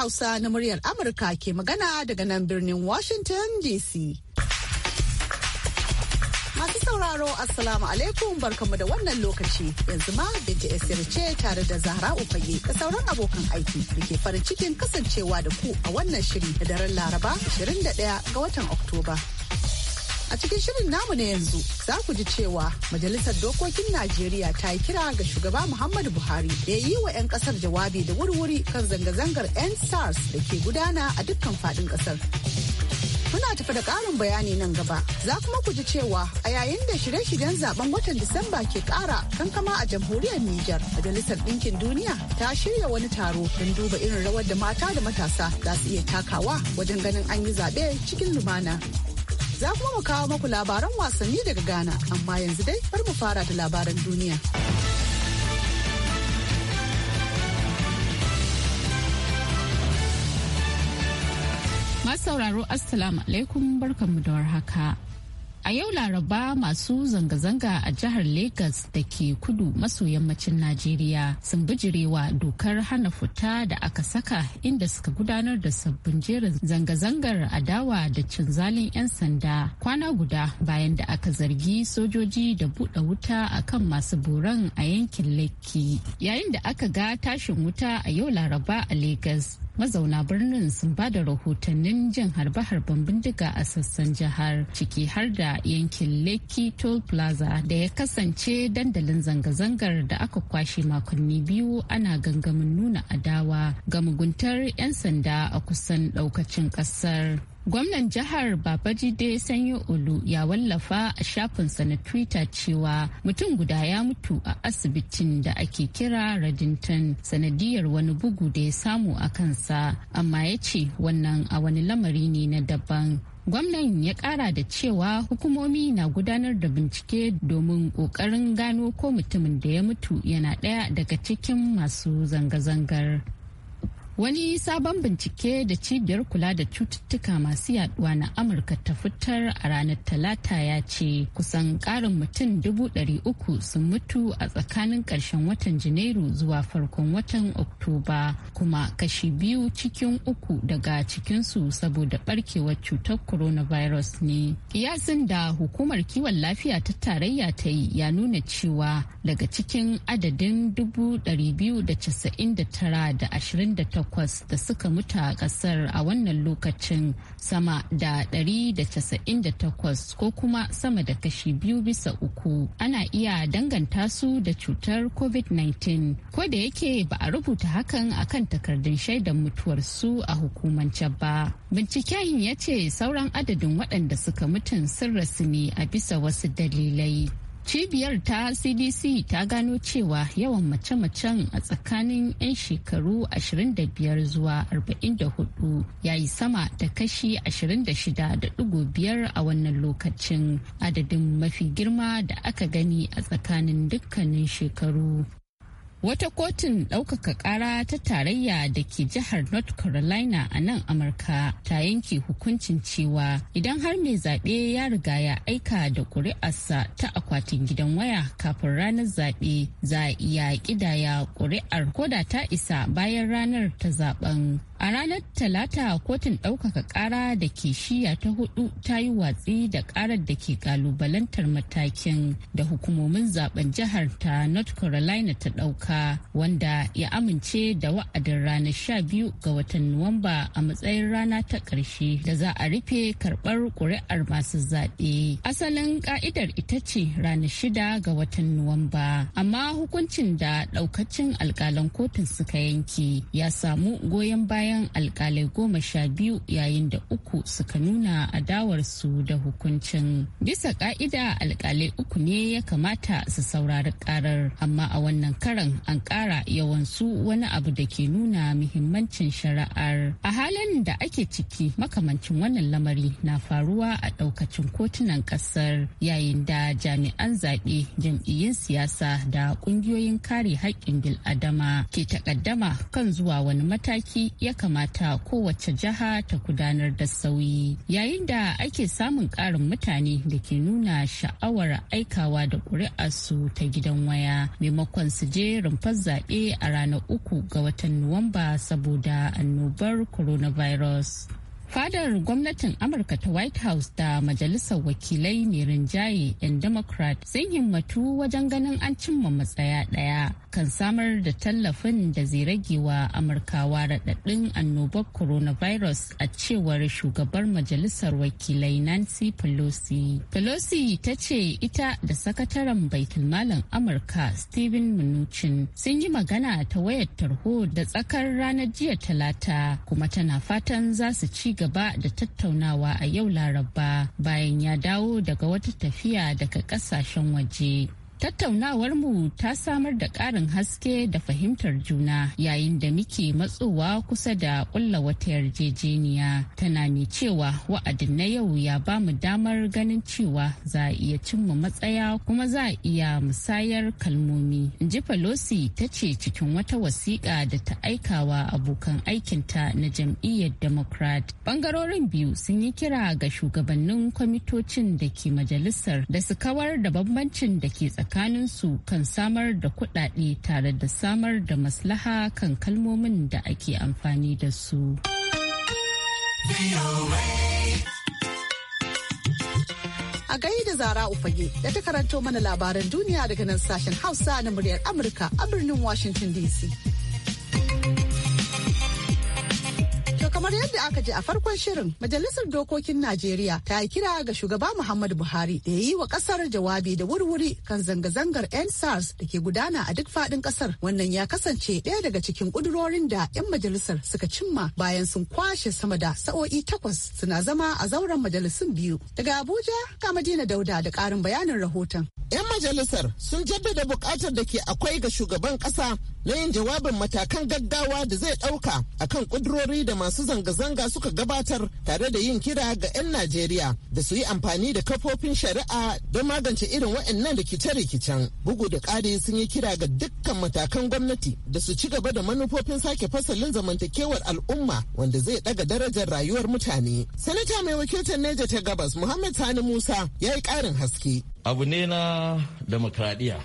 Hausa na muryar Amurka ke magana daga nan birnin Washington DC. Masu sauraro Assalamu alaikum barkamu da wannan lokaci yanzu ma Binta Esir ce tare da Zahra ufage da sauran abokan aiki da ke farin cikin kasancewa da ku a wannan shiri da daren Laraba 21 ga watan Oktoba. A cikin shirin namu na yanzu za ku ji cewa Majalisar Dokokin Najeriya ta yi kira ga shugaba Muhammadu Buhari da ya yi wa 'yan kasar jawabi da wuri-wuri kan zanga-zangar 'yan SARS da ke gudana a dukkan fadin kasar. Muna tafi da ƙarin bayani nan gaba. Za kuma ku ji cewa a yayin da shirye-shiryen zaben watan Disamba ke ƙara kankama a jamhuriyar Nijar, Majalisar Ɗinkin Duniya ta shirya wani taro don duba irin rawar da mata da matasa za su iya takawa wajen ganin an yi zaɓe cikin lumana. Za kuma mu kawo muku labaran wasanni daga Ghana, amma yanzu dai bari mu fara da labaran duniya. Masu sauraro Assalamu alaikum barkanmu da warhaka. A yau Laraba masu zanga-zanga a jihar Legas da ke kudu maso yammacin Najeriya sun bijirewa dokar hana fita da aka saka inda suka gudanar da sabbin jerin zanga-zangar adawa da cinzalin 'yan sanda kwana guda bayan da aka zargi sojoji da buɗe wuta a kan masu boran a yankin Lekki. Yayin da aka ga tashin wuta a yau Laraba a Legas mazauna birnin sun ba da rahotannin jin harbe-harben bindiga a sassan jihar ciki har da yankin lekki toll plaza da ya kasance dandalin zanga-zangar da aka kwashe makonni biyu ana gangamin nuna adawa ga muguntar 'yan sanda a kusan daukacin kasar Gwamnan jihar Babajide Sanyo Olu ya wallafa a shafinsa na Twitter cewa mutum guda ya mutu a asibitin da ake kira Radinton sanadiyar wani bugu da ya samu a kansa, amma ya ce wannan a wani lamari ne na daban. Gwamnan ya kara da cewa hukumomi na gudanar da bincike domin kokarin gano ko mutumin da ya mutu yana daya daga cikin masu zanga-zangar. Wani sabon bincike da cibiyar kula da cututtuka masu yaduwa na Amurka ta fitar a ranar Talata ya ce kusan karin mutum dubu dari uku sun mutu a tsakanin ƙarshen watan Janairu zuwa farkon watan Oktoba kuma kashi biyu cikin uku daga cikinsu saboda barkewar cutar coronavirus ne. Kiyasin da hukumar kiwon lafiya ta tarayya ta yi ya nuna cewa daga cikin adadin dubu dari biyu da casa'in da tara da ashirin da takwas takwas da suka mutu a kasar a wannan lokacin sama da 198 ko kuma sama da kashi biyu bisa uku ana iya danganta su da cutar covid-19 ko da yake ba a rubuta hakan akan takardun shaidar mutuwar su a hukumance ba binciken ya ce sauran adadin waɗanda suka mutun sun rasu ne a bisa wasu dalilai Cibiyar ta CDC ta gano cewa yawan mace-macen a tsakanin 'yan shekaru 25 zuwa 44 ya yi sama da kashi 26.5 a wannan lokacin adadin mafi girma da aka gani a tsakanin dukkanin shekaru. Wata kotun ɗaukaka ƙara ta tarayya da ke jihar North Carolina a nan Amurka ta yanke hukuncin cewa idan har mai zaɓe ya riga ya aika da ƙuri'arsa ta akwatin gidan waya kafin ranar zaɓe za a iya ƙidaya ƙuri'ar da ta isa bayan ranar ta zaɓen. A ranar Talata kotun ɗaukaka ƙara da ke shiya ta hudu ta yi watsi da ƙarar da ke ƙalubalantar matakin da hukumomin zaben jihar ta North Carolina ta ɗauka wanda ya amince da wa'adin ranar sha biyu ga watan Nuwamba a matsayin rana ta ƙarshe da za a rufe karɓar ƙuri'ar masu zaɓe. Asalin ƙa'idar ita ce ranar shida ga watan Nuwamba, amma hukuncin da ɗaukacin alƙalan kotun suka yanke ya samu goyon baya. bayan alkalai goma sha biyu yayin da uku suka nuna adawarsu da hukuncin bisa ka'ida alkalai uku ne ya kamata su saurari karar amma a wannan karan an kara yawansu wani abu da ke nuna muhimmancin shari'ar a halin da ake ciki makamancin wannan lamari na faruwa a daukacin kotunan kasar yayin da jami'an zaɓe jam'iyyun siyasa da ƙungiyoyin kare haƙƙin bil'adama ke takaddama kan zuwa wani mataki ya kamata kowace jiha ta gudanar da sauyi yayin da ake samun ƙarin mutane da ke nuna sha'awar aikawa da su ta gidan waya maimakon su je rumfar zaɓe a ranar uku ga watan nuwamba saboda annobar coronavirus fadar gwamnatin amurka ta white house da majalisar wakilai mai rinjaye 'yan democrat sun himmatu wajen ganin an cimma matsaya ɗaya kan samar da tallafin da zai rage wa amurkawa raɗaɗin annobar coronavirus a cewar shugabar majalisar wakilai nancy pelosi pelosi ta ce ita da sakataren baitulmalin amurka stephen mnuchin sun yi magana ta wayar tarho da tsakar ranar jiya talata kuma tana fatan za su ci gaba da tattaunawa a yau laraba bayan ya dawo daga wata tafiya daga kasashen waje Tattaunawarmu ta samar da ƙarin haske da fahimtar juna yayin da muke matsowa kusa da ƙulla wata yarjejeniya. Tana mai cewa wa'adin na yau ya ba mu damar ganin cewa za a iya cimma matsaya kuma za a iya musayar kalmomi. ji Pelosi ta ce cikin wata wasiƙa da ta aikawa abokan aikinta na jam'iyyar Democrat. Bangarorin biyu sun yi kira ga shugabannin kwamitocin da ke majalisar da su kawar da bambancin da ke tsakanin tsakaninsu kan samar da kudade tare da samar da maslaha kan kalmomin da ake amfani da su. A da zara ufage da ta karanto mana labaran duniya daga nan sashen Hausa na muryar Amurka a birnin Washington DC. kamar yadda aka ji a farkon shirin majalisar dokokin najeriya ta yi kira ga shugaba muhammadu buhari da ya yi wa kasar jawabi da wurwuri kan zanga-zangar nsars da ke gudana a duk fadin kasar wannan ya kasance ɗaya daga cikin kudurorin da 'yan majalisar suka cimma bayan sun kwashe sama da sa'o'i takwas suna zama a zauren majalisun biyu daga abuja ga madina dauda da karin bayanin rahoton 'yan majalisar sun jaddada buƙatar da ke akwai ga shugaban kasa na yin jawabin matakan gaggawa da zai ɗauka akan kudurori da masu zanga-zanga suka gabatar tare da yin kira ga 'yan Najeriya da su yi amfani da kafofin shari'a don magance irin waɗannan rikice-rikicen. Bugu da ƙari sun yi kira ga dukkan matakan gwamnati da su ci gaba da manufofin sake fasalin zamantakewar al'umma wanda zai ɗaga darajar rayuwar mutane. Sanata mai wakiltar Neja ta Gabas Muhammad Sani Musa ya yi ƙarin haske. abu ne na demokradiyya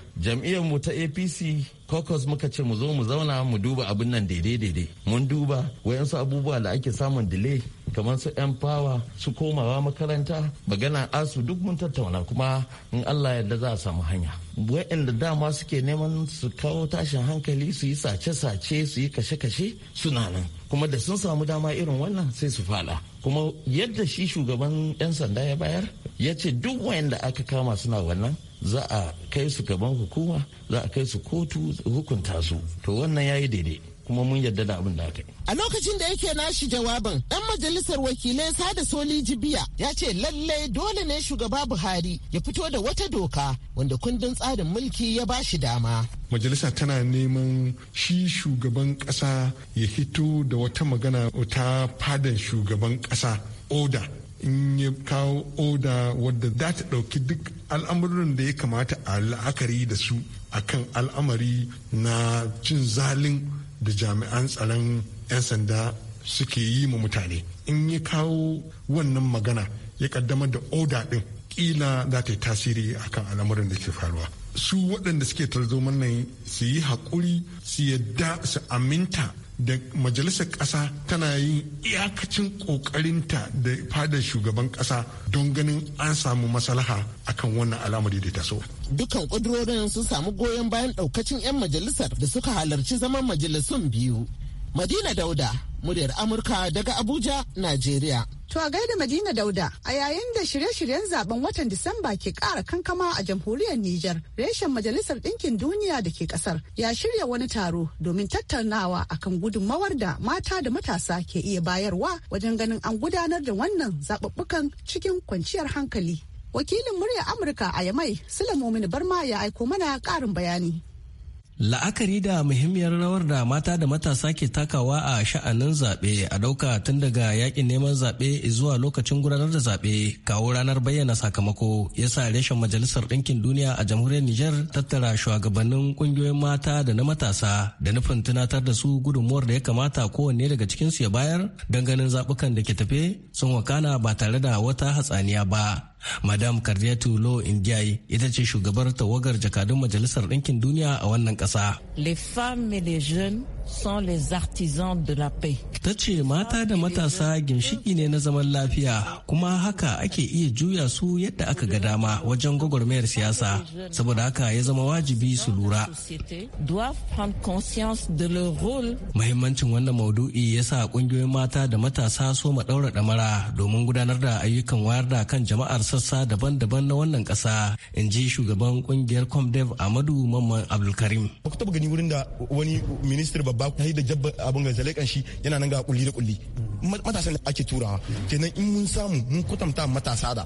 mu ta apc caucus muka ce mu zo mu zauna mu duba abin nan daidai-daidai mun duba wayansu abubuwa da ake samun delay kamar su yan fawa su komawa makaranta magana asu duk mun tattauna kuma in allah yadda za a samu hanya da dama suke neman su kawo tashin hankali su yi sace-sace su yi kashe-kashe suna nan kuma da sun samu dama irin wannan sai su fada kuma yadda shi shugaban 'yan sanda ya bayar ya ce duk wayanda aka kama suna wannan za a kai su gaban hukuma za a kai su kotu hukunta su to wannan ya yi daidai kuma mun yarda da abin da aka yi. A lokacin da yake nashi jawabin, ɗan majalisar wakilai Sada Soli Jibiya ya ce lallai dole ne shugaba Buhari ya fito da wata doka wanda kundin tsarin mulki ya ba shi dama. Majalisa tana neman shi shugaban ƙasa ya hito da wata magana ta fadan shugaban ƙasa oda in ya kawo oda wadda za ta ɗauki duk al'amuran da ya kamata a la'akari da su akan al'amari na cin zalin da jami'an tsaron 'yan sanda suke yi ma mutane in ya kawo wannan magana ya kaddamar da oda din kila za ta yi tasiri akan al'amuran da ke faruwa su waɗanda suke tarzoman nan su yi haƙuri su yadda su aminta da majalisar ƙasa tana yin iyakacin ƙoƙarinta da fadar shugaban ƙasa don ganin an samu maslaha akan wannan al'amari da ta so. Dukan ƙudurorin sun samu goyon bayan ɗaukacin 'yan majalisar da suka halarci zaman majalisun biyu. Madina Dauda, muryar Amurka daga Abuja, Najeriya. To a gaida Madina Dauda, a yayin da shirye-shiryen zaben watan Disamba ke ƙara kankama a jamhuriyar Nijar, reshen Majalisar Ɗinkin Duniya da ke ƙasar ya shirya wani taro domin tattaunawa kan gudunmawar da mata da matasa ke iya bayarwa wajen ganin an gudanar da wannan zaɓuɓɓukan cikin kwanciyar hankali. Wakilin muryar Amurka a Yamai, momin Barma ya aiko mana ƙarin bayani. La'akari da muhimmiyar rawar da mata da matasa ke takawa a sha'anin zaɓe a ɗauka tun daga yakin neman zaɓe zuwa lokacin gudanar da zaɓe kawo ranar bayyana sakamako ya sa reshen Majalisar Ɗinkin Duniya a Jamhuriyar Nijar tattara shugabannin ƙungiyoyin mata da na matasa da nufin tunatar da su gudunmuwar da ya kamata kowanne daga cikinsu ya bayar don ganin zaɓukan da ke tafe sun wakana ba tare da wata hatsaniya ba. madam kardiyatu lo indiaye ita ce shugabar tawagar jakadun majalisar ɗinkin duniya a wannan ƙasa ta ce mata da matasa ginshiki ne na zaman lafiya kuma haka ake iya juya su yadda aka ga dama wajen gwagwarmayar siyasa saboda haka ya zama wajibi su lura mahimmancin wannan maudu'i ya sa ƙungiyoyin mata da matasa so ma ɗaura ɗamara domin gudanar da ayyukan wayar da kan jama'ar sassa daban-daban na wannan kasa in ji shugaban kungiyar comdev amadu mamman abdulkarim ba ku taba gani wurin da wani minister babba ku da jabba abin ga zalekan shi yana nan ga kulli da kulli matasan da ake turawa kenan in mun samu mun kwatanta matasa da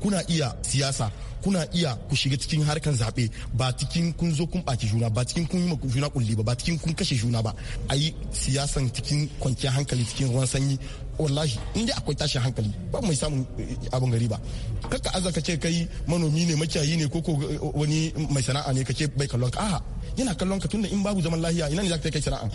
kuna iya siyasa kuna iya ku shiga cikin harkan zaɓe ba cikin kun zo kun ɓaci juna ba cikin kun yi juna kulli ba ba cikin kun kashe juna ba a yi siyasan cikin kwanciyar hankali cikin ruwan sanyi wallahi in dai akwai tashin hankali ba mai samun eh, abin gari ba kakka aza ka ce kai manomi ne makiyayi ne ko eh, wani mai sana'a ne ka ce bai kallon ka a'a yana kallon ka tunda in babu zaman lahiya ina ne za ka kai sana'a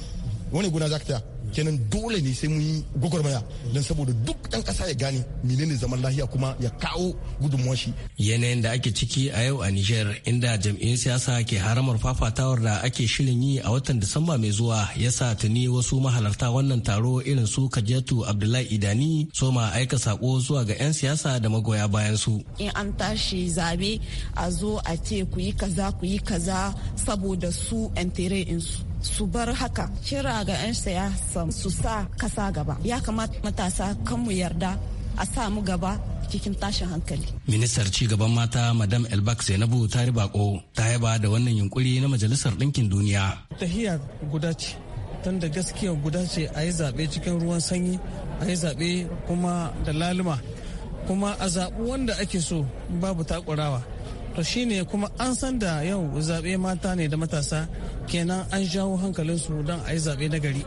wani gona za ka taya kenan dole ne sai mun yi gwagwarmaya don saboda duk ɗan ƙasa ya gane ne zaman lahiya kuma ya kawo gudunmuwar shi. Yanayin da ake ciki a yau a Nijar inda jam'iyyun siyasa ke haramar fafatawar da ake shirin yi a watan Disamba mai zuwa ya sa tuni wasu mahalarta wannan taro irin su Kajatu Abdullahi Idani soma aika sako zuwa ga 'yan siyasa da magoya bayan su. In an tashi zabe a zo a ce ku yi kaza ku yi kaza saboda su 'yan in su. su bar haka kira ga 'yan siyasa su sa kasa gaba ya kamata matasa kan mu yarda a samu gaba cikin tashin hankali. Ministar ci gaban mata Madam Elbak Zainabu ta bako ta yaba da wannan yunkuri na Majalisar Ɗinkin Duniya. Tahiya guda ce, tun da gaskiya guda ce a yi zaɓe cikin ruwan sanyi, a yi zaɓe kuma da laluma, kuma a zaɓi wanda ake so babu takurawa. to shine kuma an san da yau zaɓe mata ne da matasa kenan an jawo hankalinsu don a yi zaɓe na gari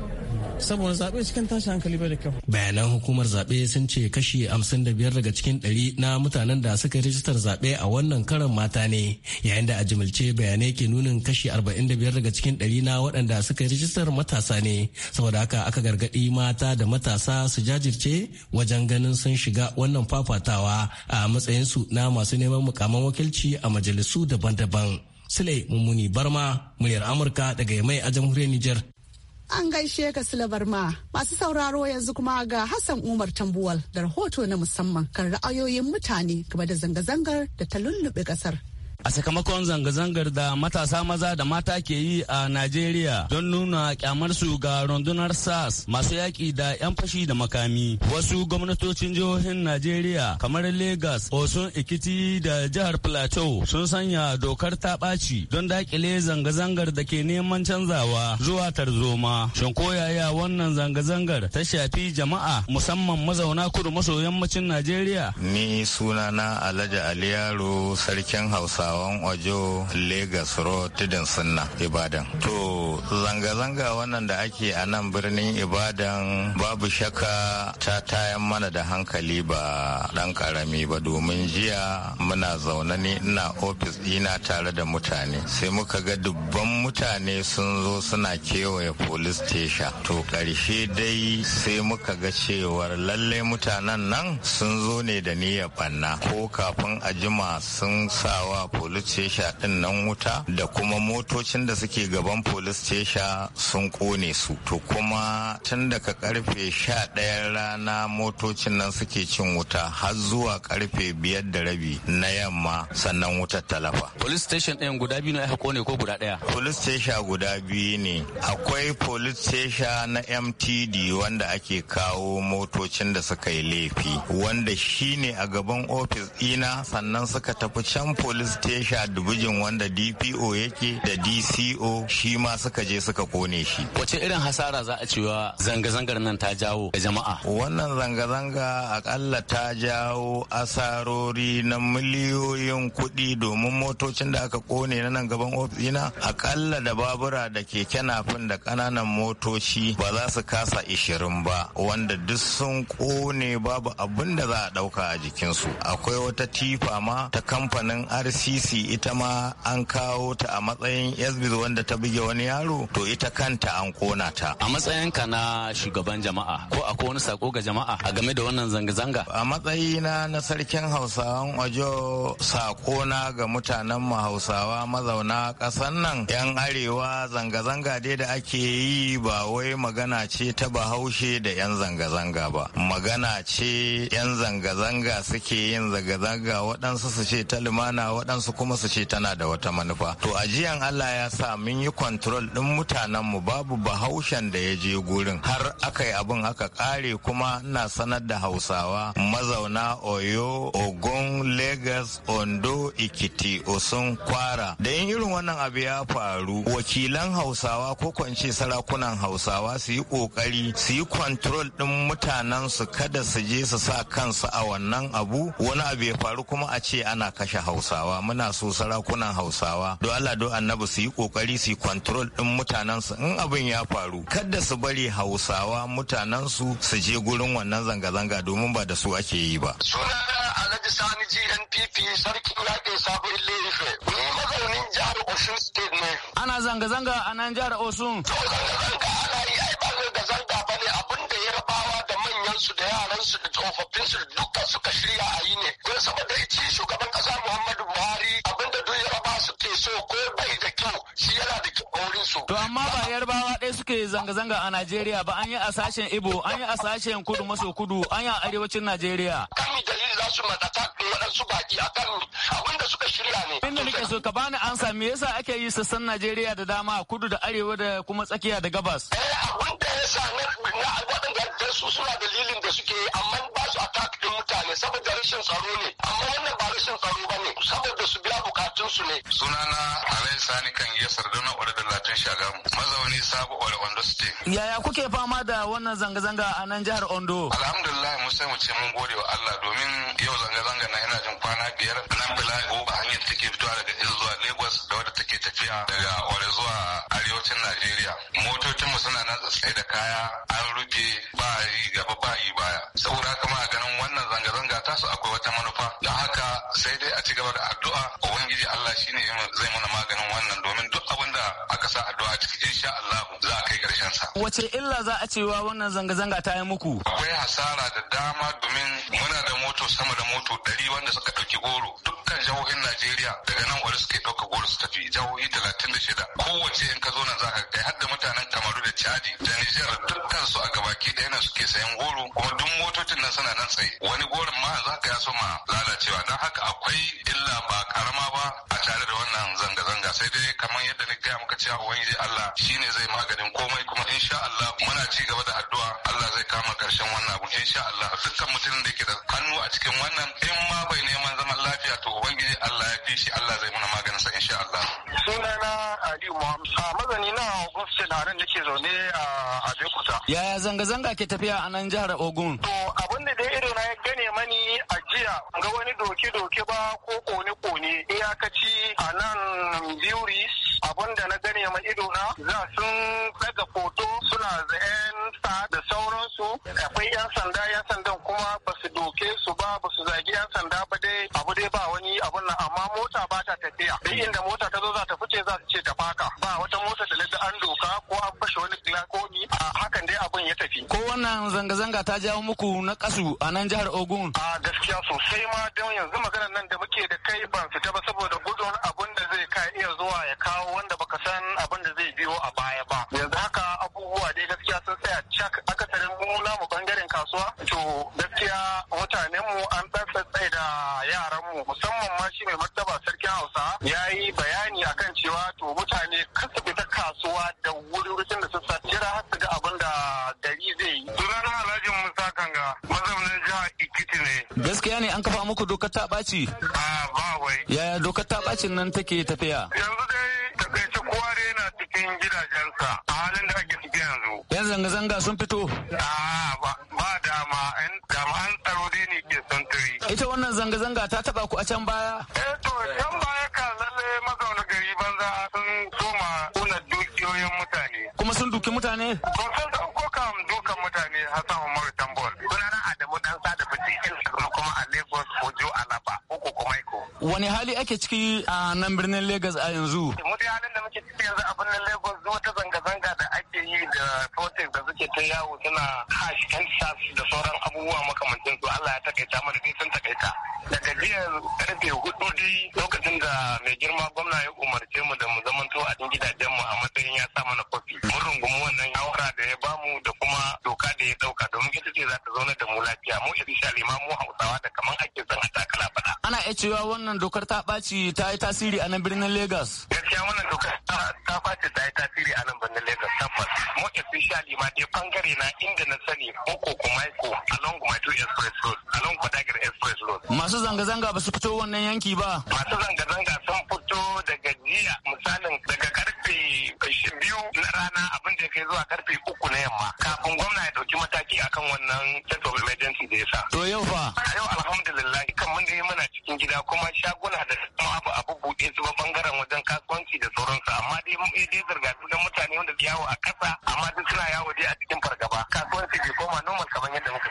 saboda zaɓe cikin tashin hankali bai da kyau. Bayanan hukumar zaɓe sun ce kashi hamsin da biyar daga cikin ɗari na mutanen da suka rijistar zaɓe a wannan karan mata ne yayin da a jimilce bayanai ke nunin kashi arba'in da biyar daga cikin ɗari na waɗanda suka rijistar matasa ne saboda haka aka gargaɗi mata da matasa su jajirce wajen ganin sun shiga wannan fafatawa a matsayinsu na masu neman mukaman wakilci a majalisu daban-daban. Sule Mummuni Barma, muryar Amurka daga Yamai a jamhuriyar Nijar. An gaishe ka silabar ma masu sauraro yanzu kuma ga Hassan Umar Tambuwal da rahoto na musamman kan ra'ayoyin mutane game da zanga-zangar da ta lullube kasar a sakamakon zanga-zangar da matasa maza da mata ke yi a Najeriya don nuna kyamarsu ga rundunar SAS masu yaƙi da 'yan fashi da makami. Wasu gwamnatocin jihohin Najeriya kamar Legas, Osun Ikiti da jihar Plateau sun sanya dokar ta ɓaci don daƙile zanga-zangar da ke neman canzawa zuwa tarzoma. Shin yaya wannan zanga-zangar ta shafi jama'a musamman mazauna kudu maso yammacin Najeriya? Ni na Alhaji Aliyaro sarkin Hausawa. gawan ojo lagos road tudun sunna ibadan to zanga-zanga wannan da ake a nan birnin ibadan babu shakka ta tayan mana da hankali ba dan karami ba domin jiya muna zaune ne ina ofis ina tare da mutane sai muka ga dubban mutane sun zo suna kewaye police station to karshe dai sai muka ga cewar lallai mutanen nan sun zo ne da niyyar banna ko kafin a jima sun sawa police police station din nan wuta da kuma motocin da suke gaban police station sun kone su to kuma tun daga karfe sha rana motocin nan suke cin wuta har zuwa karfe biyar da rabi na yamma sannan wutar talafa police station din guda biyu ne aka kone ko guda ɗaya police station guda biyu ne akwai police station na mtd wanda ake kawo motocin da suka yi laifi wanda shine a gaban ofis ina sannan suka tafi can police tesha dubujin wanda dpo yake da dco shi ma suka je suka kone shi wace irin hasara za a cewa zanga-zangar nan ta jawo ga jama'a wannan zanga-zanga akalla ta jawo asarori na miliyoyin kuɗi domin motocin da aka kone na nan gaban ofina akalla da babura da keke nafin da ƙananan motoci ba za su kasa ishirin ba wanda duk sun kone babu abin da za a ɗauka a jikinsu akwai wata tifa ma ta kamfanin rc sisi ita ma an kawo ta a matsayin yasbiz wanda ta buge wani yaro to ita kanta an kona ta a ka na shugaban jama'a ko a wani sako ga jama'a a game da wannan zanga-zanga a matsayina na sarkin hausawan ojo sako na ga mutanen mu hausawa mazauna ƙasan nan yan arewa zanga-zanga dai da ake yi ba wai magana ce ta bahaushe da yan zanga-zanga ba magana ce yan zanga-zanga suke yin zanga-zanga waɗansu su ce ta lumana waɗansu wasu kuma su ce tana da wata manufa to ajiyan Allah ya sa mun yi control din mutanen mu babu bahaushen da ya je gurin har aka yi abin aka kare kuma na sanar da hausawa mazauna oyo ogun lagos ondo ikiti osun kwara da yin irin wannan abu ya faru wakilan hausawa ko kwance sarakunan hausawa su yi kokari su yi control din mutanen su kada su je su sa kansu a wannan abu wani abu ya faru kuma a ce ana kashe hausawa muna so sarakunan hausawa do Allah do annabi su yi kokari su yi control din mutanen su in abin ya faru kada su bari hausawa mutanen su su je gurin wannan zanga-zanga domin ba da su ake yi ba sani gnpp sarkin yaƙi sabu ilerife ni mazaunin jihar osun state ne ana zanga-zanga a nan jihar osun zanga-zanga matansu da yaransu da tsofaffinsu da dukkan suka shirya a yi ne don saboda ci shugaban kasa muhammadu buhari abinda duk su ke so ko bai da kyau shi yana da kyau su. to amma ba yarbawa ɗaya suke zanga-zanga a najeriya ba an yi a sashen ibo an yi a sashen kudu maso kudu an yi a arewacin najeriya. kan dalili za su matsata waɗansu baki a kan abinda suka shirya ne. inda nake so ka bani ansa me yasa ake yi sassan najeriya da dama kudu da arewa da kuma tsakiya da gabas. eh abinda ya sa na waɗanda su suna dalilin da suke amma ba su attack saboda rashin tsaro ne amma wannan ba rashin tsaro ba ne saboda su biya su ne. sunana alai sani kan iya sarduna wadda da latin shagamu mazauni sabo wadda ondo ce yaya kuke fama da wannan zanga-zanga a nan jihar ondo. alhamdulillah mu sai mu ce mun gode wa allah domin yau zanga-zanga na yana jin kwana biyar nan bila ba hanyar take fitowa daga zuwa lagos da wadda take tafiya daga wadda zuwa arewacin najeriya mu suna nan tsaye da kaya an rufe ba yi gaba ba yi baya saboda kama a ganin wannan zanga-zanga zanga-zanga su akwai wata manufa don haka sai dai a ci gaba da addu'a ubangiji Allah shi ne zai mana maganin wannan domin duk abin da aka sa addu'a cikin insha Allah za a kai karshen sa wace illa za a cewa wannan zanga-zanga ta yi muku akwai hasara da dama domin muna da moto sama da moto ɗari wanda suka ɗauki goro dukkan jihohin Najeriya daga nan wani suke ɗauka goro su tafi jihohi talatin da shida kowace in ka zo nan za ka kai har da mutanen Kamaru da Chadi da Nijar dukkan su a gabaki ɗaya suke sayan goro kuma duk motocin nan suna nan tsaye wani goro wurin ma za ka ya ma lalacewa don haka akwai illa ba karama ba a tare da wannan zanga-zanga sai dai kamar yadda na gaya maka cewa ubangiji Allah shine zai maganin komai kuma insha Allah muna ci gaba da addu'a Allah zai kama karshen wannan abu insha Allah dukkan mutumin da yake da hannu a cikin wannan in ma bai neman zaman lafiya to ubangiji Allah ya fi shi Allah zai muna maganin sa insha Allah sunana Aliyu Muhammad a mazani na Ogun na nan nake zaune a Abeokuta yaya zanga zanga ke tafiya a nan jihar Ogun to abin da dai ido ya gane mani a jiya ga wani doke doke ba ko kone kone iyakaci a nan Biuri abin da na gane ma ido na za sun daga foto suna da da sauransu akwai 'yan sanda 'yan sanda wani abun nan amma mota ba ta tafiya duk inda mota ta zo za ta fice za ta ce ta faka ba wata mota da naga an doka ko an fashe wani glakomi a hakan dai abun ya tafi ko wannan zanga-zanga ta jawo muku na kasu a nan jihar Ogun a gaskiya sosai ma don yanzu maganar nan da muke da kai ban fita ba saboda gudun abun da zai ka iya zuwa ya kawo wanda baka san abun da zai biyo a baya ba yanzu haka abubuwa dai gaskiya sun tsaya cak akasarin mu namu bangaren kasuwa to gaskiya mu musamman ma shi mai martaba sarkin hausa ya yi bayani akan cewa to mutane kan su fita kasuwa da wuri wurin da sassa jira har su ga abin da gari zai yi. sunana alhaji musa kanga mazaunin jihar ikiti ne. gaskiya ne an kafa muku dokar ta ɓaci. a ba wai. yaya dokar ta ɓacin nan take tafiya. yanzu dai takaice kowa dai yana cikin gidajensa a halin da ake ciki yanzu. Yan zanga-zanga sun fito? ba dama an tsaro dai ne ke santiri. Ita wannan zanga-zanga ta taba ku a can baya? Eh to can baya ka lalle mazauna gari banza sun soma kuna dukiyoyin mutane. Kuma sun duki mutane? Ko sun ko kam dukan mutane Hassan Umaru Tambol. Sunana Adamu dan sada fice kuma a Lagos Ojo Alaba uku Kumaiko. Wani hali ake ciki a nan birnin Lagos a yanzu? Mutane protest da suke ta yawo suna hash texas da sauran abubuwa makamancin su Allah ya takaita mana dai sun takaita daga jiya karfe hudu dai lokacin da mai girma gwamna ya umarce mu da mu zamanto a cikin gidajen mu a matsayin ya sa mana kofi mun rungumi wannan shawara da ya bamu da kuma doka da ya dauka domin ita ce za ta zauna da mu lafiya mu irishali shalima mu hausawa da kaman ake zan a takala iya cewa wannan dokar ta ɓaci ta yi tasiri a nan birnin Legas. Gaskiya wannan dokar ta ɓaci ta yi tasiri a nan birnin Legas tabbas. Mo especially ma dai bangare na inda na sani Boko Kumaiko along Mato Express Road along Kwadagar Express Road. Masu zanga-zanga ba su fito wannan yanki ba. Masu zanga-zanga sun fito daga jiya misalin daga karfe biyu na rana abin da ya kai zuwa karfe uku na yamma kafin gwamna ya ɗauki mataki akan wannan state of emergency da ya sa. To yau fa? A Yau alhamdulillah da kuma shaguna da kuma abu abu buɗe su ba bangaren wajen kasuwanci da sauransu amma dai mun dai zirga da mutane wanda yawo a ƙasa amma duk suna yawo dai a cikin fargaba kasuwanci bai koma normal kamar yadda muka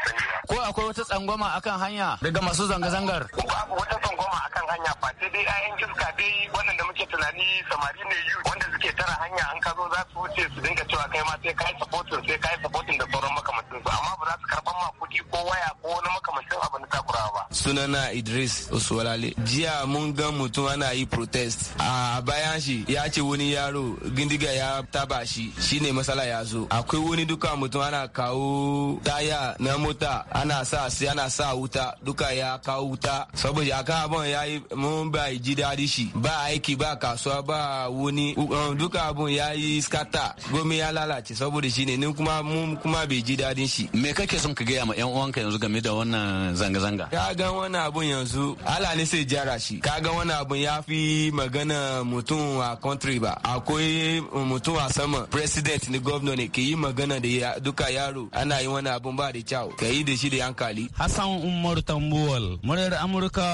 wata tsangwama akan hanya daga masu zanga-zangar? Babu wata tsangwama akan hanya ba sai dai 'ya'yan iska dai waɗanda muke tunani samari ne yu wanda suke tara hanya an ka zo za su wuce su dinga cewa kai ma sai kai supportin sai kai supportin da sauran makamancin su amma ba za su karban ma kuɗi ko waya ko wani makamancin abu na takurawa ba. Sunana Idris Osuwalale. Jiya mun ga mutum ana yi protest a bayan shi ya ce wani yaro gindiga ya taba shi shine masala ya zo. Akwai wani duka mutum ana kawo taya na mota ana sa yana sa wuta duka ya kawo wuta saboda kawo abin ya yi mun ba ji daɗi shi ba aiki ba kasuwa ba wani um, duka abin ya yi skata gomi ya lalace saboda shi ne ni kuma mun kuma bai ji daɗin shi. me kake son ka gaya ma yan uwanka yanzu game da wannan zanga-zanga. ka ga wani abun yanzu ala ne sai jara shi ka ga wani abun ya fi magana mutum a country ba akwai mutum a sama president ni governor ne ke yi magana da duka yaro ana yi wani abun ba da kyau ka yi da shi da yankali. Hassan Umar Tambuwal, muryar Amurka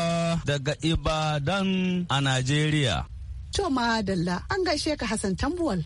daga Ibadan a Najeriya. To Dalla, an gaishe ka Hassan Tambuwal.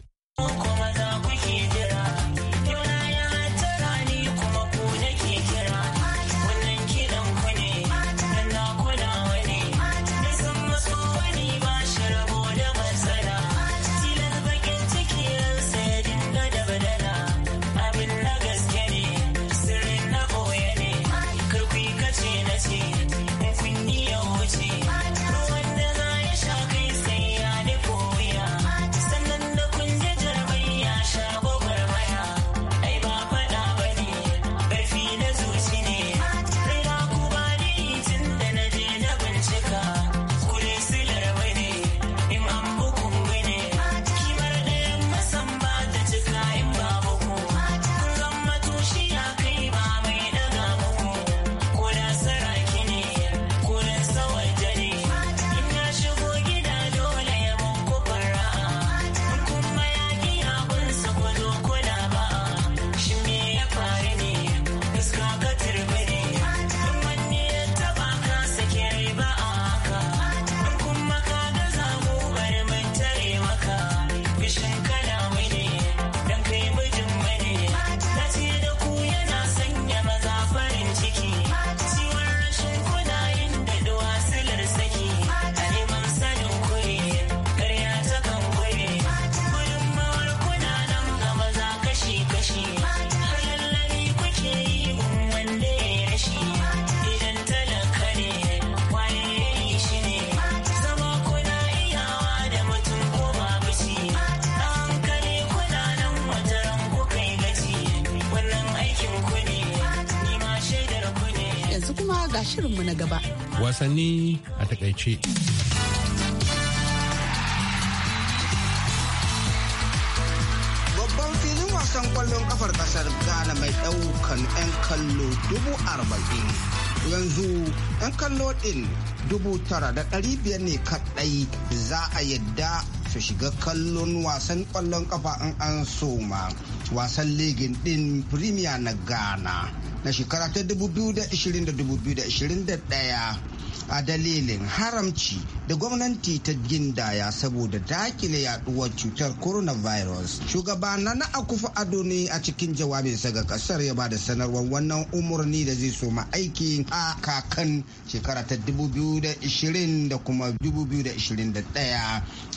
wasanni a takaice. wasan kwallon kafar kasar Ghana mai daukan 'yan kallo dubu arba'in. Yanzu 'yan kallo ɗin dubu tara da ɗari biyar ne kaɗai za a yadda su shiga kallon wasan kwallon kafa in an soma. Wasan ligin ɗin Premier na Ghana na shekara ta 2020-2021 a dalilin haramci da gwamnati ta gindaya saboda dakile yaduwar cutar coronavirus shugaba na na akufa ado ne a cikin jawabinsa ga kasar ya bada sanarwar wannan umarni da zai soma aiki a kakan shekara ta 2020 da kuma 2021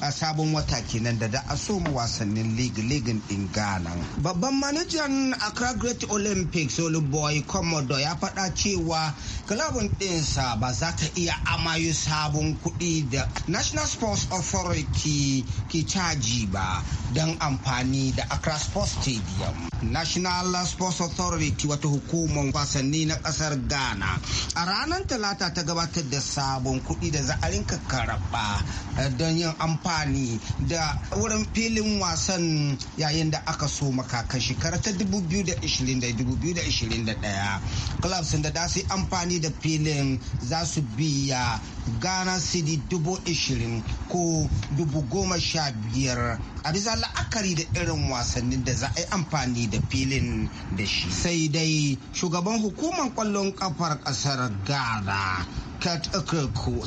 a sabon wata kenan da da a soma wasannin league-league din ghana babban manajan accra great olympics oluboy commodore ya faɗa cewa Kulabun ɗinsa ba za ta iya amayu sabon kuɗi da National Sports Authority ke caji ba don amfani da Accra Sports Stadium. National Sports Authority wata hukumar wasanni na ƙasar Ghana a ranar talata ta gabatar da sabon kuɗi da za a karɓa eh, don yin amfani da wurin filin wasan yayin da aka so makakan shekara ta 2020-2021. Club sun da dasu amfani kuɗi da filin za su biya gana sidi dubu ishirin ko dubu goma sha biyar a bisa la'akari da irin wasannin da za a yi amfani da filin da shi sai dai shugaban hukumar kwallon kafar kasar ghana Kat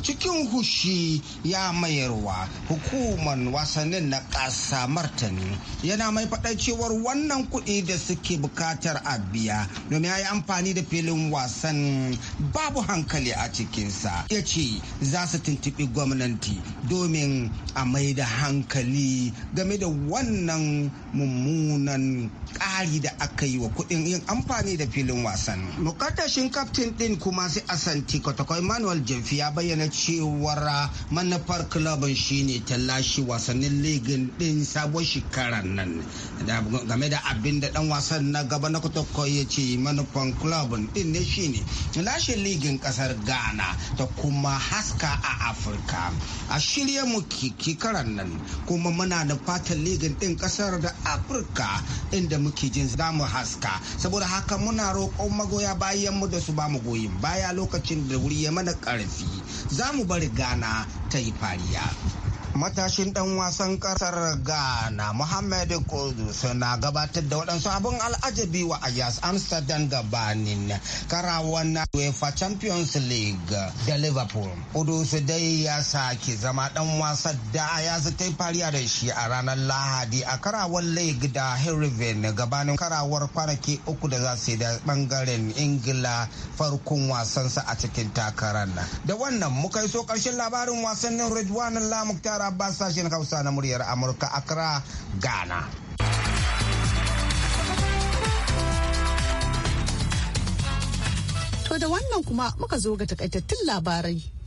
cikin hushi ya mayarwa hukumar wasannin na ƙasa martani yana mai cewar wannan kuɗi da suke buƙatar a biya domin ya yi amfani da filin wasan babu hankali a cikinsa ya ce za su tuntuɓi gwamnati domin a mai da hankali game game da wannan mummunan ƙari da aka yi wa kuɗin yin amfani da filin wasan. Mukaddashin kaftin ɗin kuma sai asanti kwatakwa Emmanuel Jefi ya bayyana cewar manufar shi ne ta lashe wasannin ligin ɗin sabon shekarar nan. Game da abin da ɗan wasan na gaba na kwatakwa ya ce manufan kulabin ɗin ne shi shine lashe ligin kasar Ghana ta kuma haska a Afirka. A shirye mu kikikaran nan kuma muna nufa fatan ligin ɗin ƙasar da afirka inda muke jin za mu haska saboda haka muna roƙon magoya bayan mu da su ba mu goyin baya lokacin da wuri ya mana ƙarfi za mu bari gana ta yi fariya matashin dan wasan kasar ghana muhammad kudus suna gabatar da waɗansu abin al'ajabi wa ayas amsterdam gabanin karawan na uefa champions league da liverpool kudus dai ya sake zama dan wasan da ayas ta yi fariya da shi a ranar lahadi a karawar league da herven gabanin karawar kwanaki uku da za su da bangaren ingila farkon wasansa a cikin takarar da wannan muka yi so karshen labarin wasannin redwan tara. Abbas sashen Hausa na muryar Amurka Accra, Ghana. To da wannan kuma muka zo ga takaitattun labarai.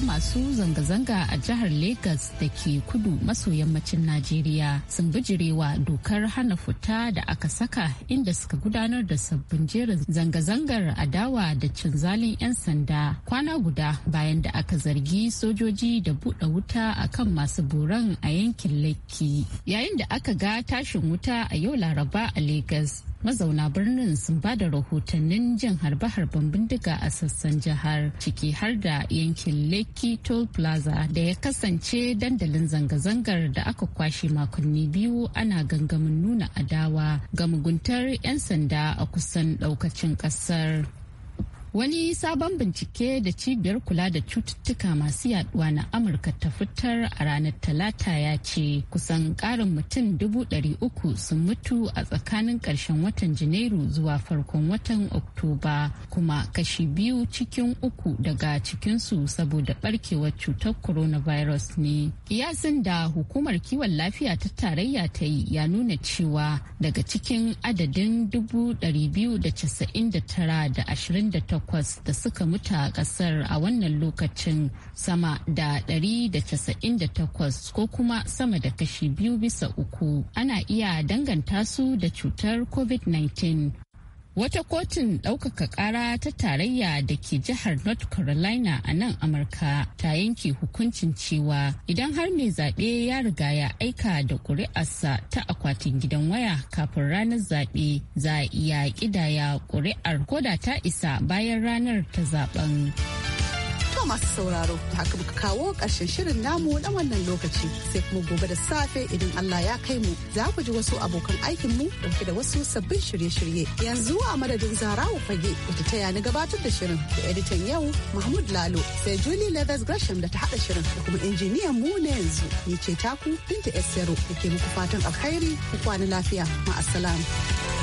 masu zanga-zanga a jihar lagos da ke kudu maso yammacin Najeriya sun bijirewa dokar hana fita da aka saka inda suka gudanar da sabbin jerin zanga-zangar adawa da zalin 'yan sanda kwana guda bayan da aka zargi sojoji da buɗe wuta a kan masu boran a yankin Lekki. Yayin da aka ga tashin wuta a yau Laraba a lagos. mazauna birnin sun ba da rahotannin jin harbe-harben bindiga a sassan jihar ciki har da yankin lekki toll plaza da ya kasance dandalin zanga-zangar da aka kwashe makonni biyu ana gangamin nuna adawa ga muguntar 'yan sanda a kusan daukacin kasar Wani sabon bincike da cibiyar kula da cututtuka masu yaduwa na Amurka ta fitar a ranar Talata ya ce kusan ƙarin mutum dubu ɗari uku sun mutu a tsakanin ƙarshen watan Janairu zuwa farkon watan Oktoba kuma kashi biyu cikin uku daga cikinsu saboda barkewar cutar coronavirus ne. Kiyasin da hukumar kiwon lafiya ta tarayya ta yi ya nuna cewa daga cikin adadin dubu ɗari biyu da takwas da suka mutu a kasar a wannan lokacin sama da ɗari da da casa'in takwas ko kuma sama da kashi biyu bisa uku ana iya danganta su da cutar covid-19 Wata kotun ɗaukaka ƙara ta tarayya da ke jihar North Carolina a nan Amurka ta yanke hukuncin cewa idan har mai zaɓe ya riga ya aika da ƙuri'arsa ta akwatin gidan waya kafin ranar zaɓe za a iya ƙidaya ƙuri'ar koda ta isa bayan ranar ta zaɓen. To masu sauraro, da haka muka kawo ƙarshen shirin namu na wannan lokaci sai kuma gobe da safe idan Allah ya kai mu za ku ji wasu abokan aikin mu dauke da wasu sabbin shirye-shirye. Yanzu a madadin Zarawa Fage da ta taya ni gabatar da shirin da editan yau Mahmud Lalo sai Julie Leathers Gresham da ta haɗa shirin da kuma injiniyan mu na yanzu ni ce taku Binta Esero da ke muku fatan alkhairi ku kwana lafiya ma'assalam.